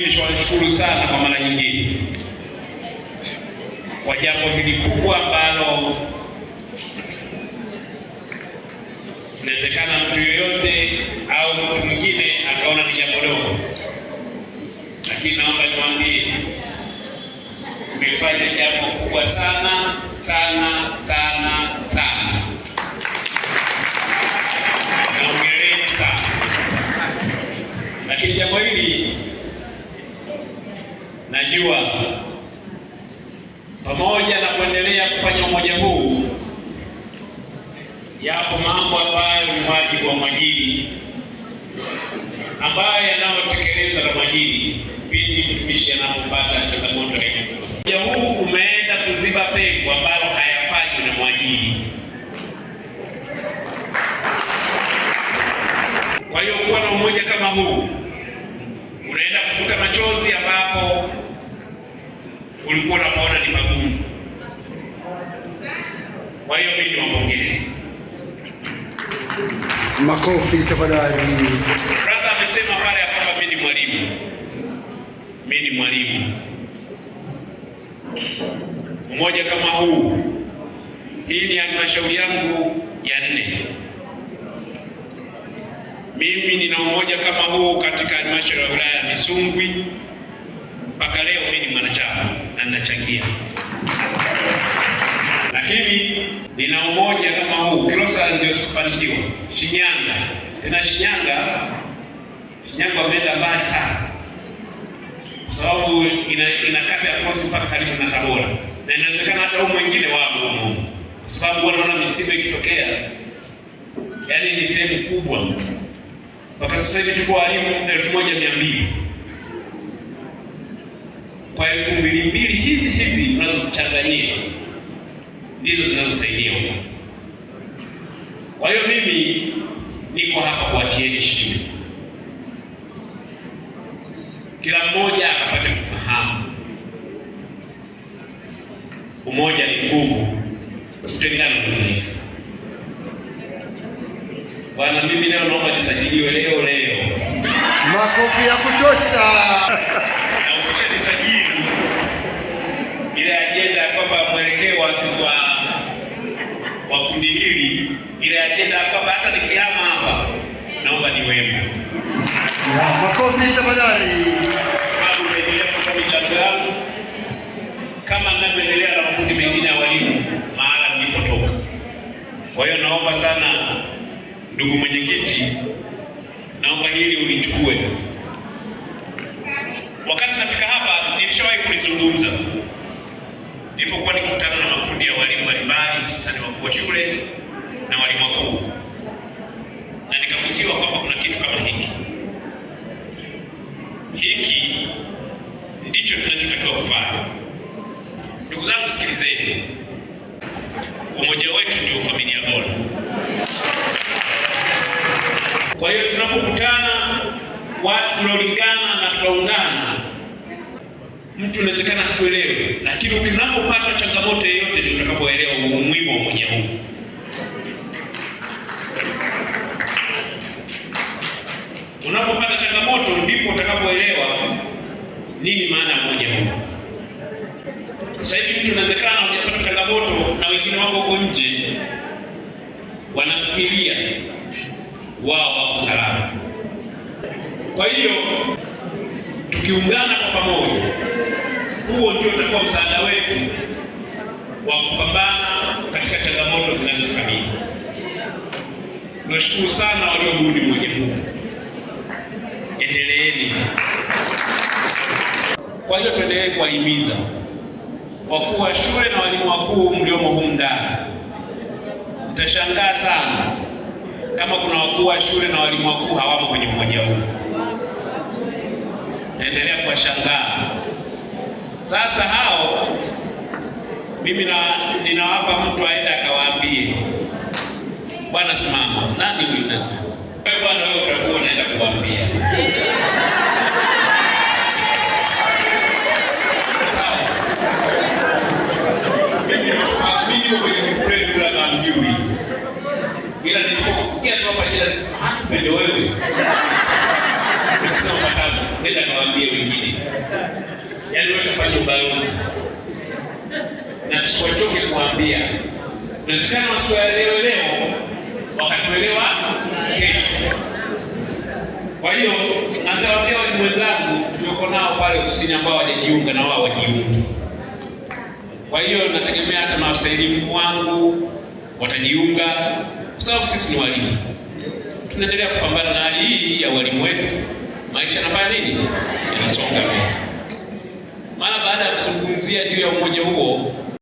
mimi sana kwa mara nyingine kwa jambo hili kubwa ambalo inawezekana mtu yoyote au mtu mwingine akaona ni jambo dogo, lakini naomba niwaambie, umefanya jambo kubwa sana sana. Najua pamoja na kuendelea kufanya umoja huu, yapo mambo ambayo ni wajibu wa mwajiri ambayo yanayotekeleza na mwajiri pindi mtumishi anapopata changamoto. Umoja huu umeenda kuziba pengo ambayo hayafanywi na mwajiri. ulikuwa unaona ni magumu. Kwa hiyo mimi niwapongeze. Makofi tafadhali. Brother amesema pale kwamba mimi ni mwalimu, mimi ni mwalimu mmoja kama huu. Hii ni halmashauri yangu ya nne. Mimi nina umoja kama huu katika halmashauri ya wilaya ya Misungwi, mpaka leo mimi ni mwanachama na lakini nina umoja kama huu. Kilosa ndio sifanikiwa Shinyanga, tena Shinyanga, Shinyanga wameenda mbali sana, kwa sababu inakata ina ya kosi mpaka karibu na Tabora, na inawezekana hata huu mwingine wangu wa kwa sababu wanaona misiba ikitokea, yaani ni sehemu kubwa. Mpaka sasa hivi tuko walimu elfu moja mia mbili kwa elfu mbili mbili hizi hizi unazozichanganyia ndizo zinazosaidia huko. Kwa hiyo mimi niko hapa kuwatieni shime, kila mmoja akapate kufahamu umoja ni nguvu, utengano ni udhaifu. Bwana, mimi leo naomba nisajiliwe leo leo, makofi ya kutosha. ajenda ya kwamba hata nikiama hapa naomba ni wema. Makofi tafadhali. Sababu naendelea kutoa michango yangu kama ninavyoendelea na makundi mengine ya walimu mahala nilipotoka. Kwa hiyo naomba sana ndugu mwenyekiti, naomba hili ulichukue. Wakati nafika hapa nilishawahi kulizungumza nilipokuwa nikutana na makundi ya walimu mbalimbali, hususani wakuu wa shule na walimu Ndugu zangu, sikilizeni, umoja wetu ndio familia bora. Kwa hiyo tunapokutana watu tunaolingana na tutaungana, mtu inawezekana asielewe, lakini unapopata changamoto yoyote ndio utakapoelewa umuhimu wa umoja huu. Unapopata changamoto ndipo utakapoelewa nini maana ya umoja huu. Sasa hivi mtu anawezekana hajapata changamoto, na wengine wako huko nje wanafikiria wao wako salama. Kwa hiyo tukiungana kwa pamoja, huo ndio utakuwa msaada wetu wa kupambana katika changamoto zinazotukabili. Tunashukuru sana waliobuni mmoja huu, endeleeni. Kwa hiyo tuendelee kuwahimiza wakuu wa shule na walimu wakuu mliomo humu ndani, mtashangaa sana kama kuna wakuu wa shule na walimu wakuu hawamo kwenye umoja huu. Naendelea kuwashangaa. Sasa hao mimi na ninawapa mtu aende akawaambie, bwana simama, nani huyu? Nani wewe bwana, wewe unaenda kuwaambia ila nilipokusikia tu hapa jina nikasema hakupende ah, wewe, nikasema makamu, nenda kawaambie wengine, yaani wewe kafanya ubalozi na tusiwachoke kuambia. Nasikana watu wa leo, leo wakatuelewa kesho. Kwa hiyo natawaambia wali mwenzangu tulioko nao pale ofisini ambao wajajiunga na wao wajiunge. Kwa hiyo nategemea hata maafisa elimu wangu watajiunga kwa sababu sisi ni walimu. Tunaendelea kupambana na hali hii ya walimu wetu, maisha yanafanya nini, yanasonga mbele. Mara baada ya kuzungumzia juu ya umoja huo